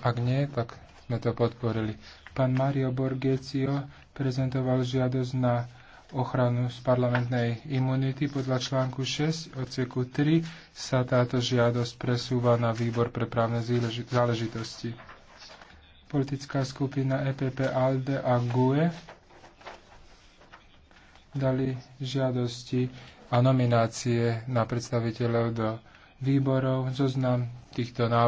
Ak nie, tak sme to podporili. Pán Mario Borgecio prezentoval žiadosť na ochranu z parlamentnej imunity. Podľa článku 6 odseku 3 sa táto žiadosť presúva na výbor pre právne záležitosti. Politická skupina EPP ALDE a GUE dali žiadosti a nominácie na predstaviteľov do výborov. Zoznam týchto návrhov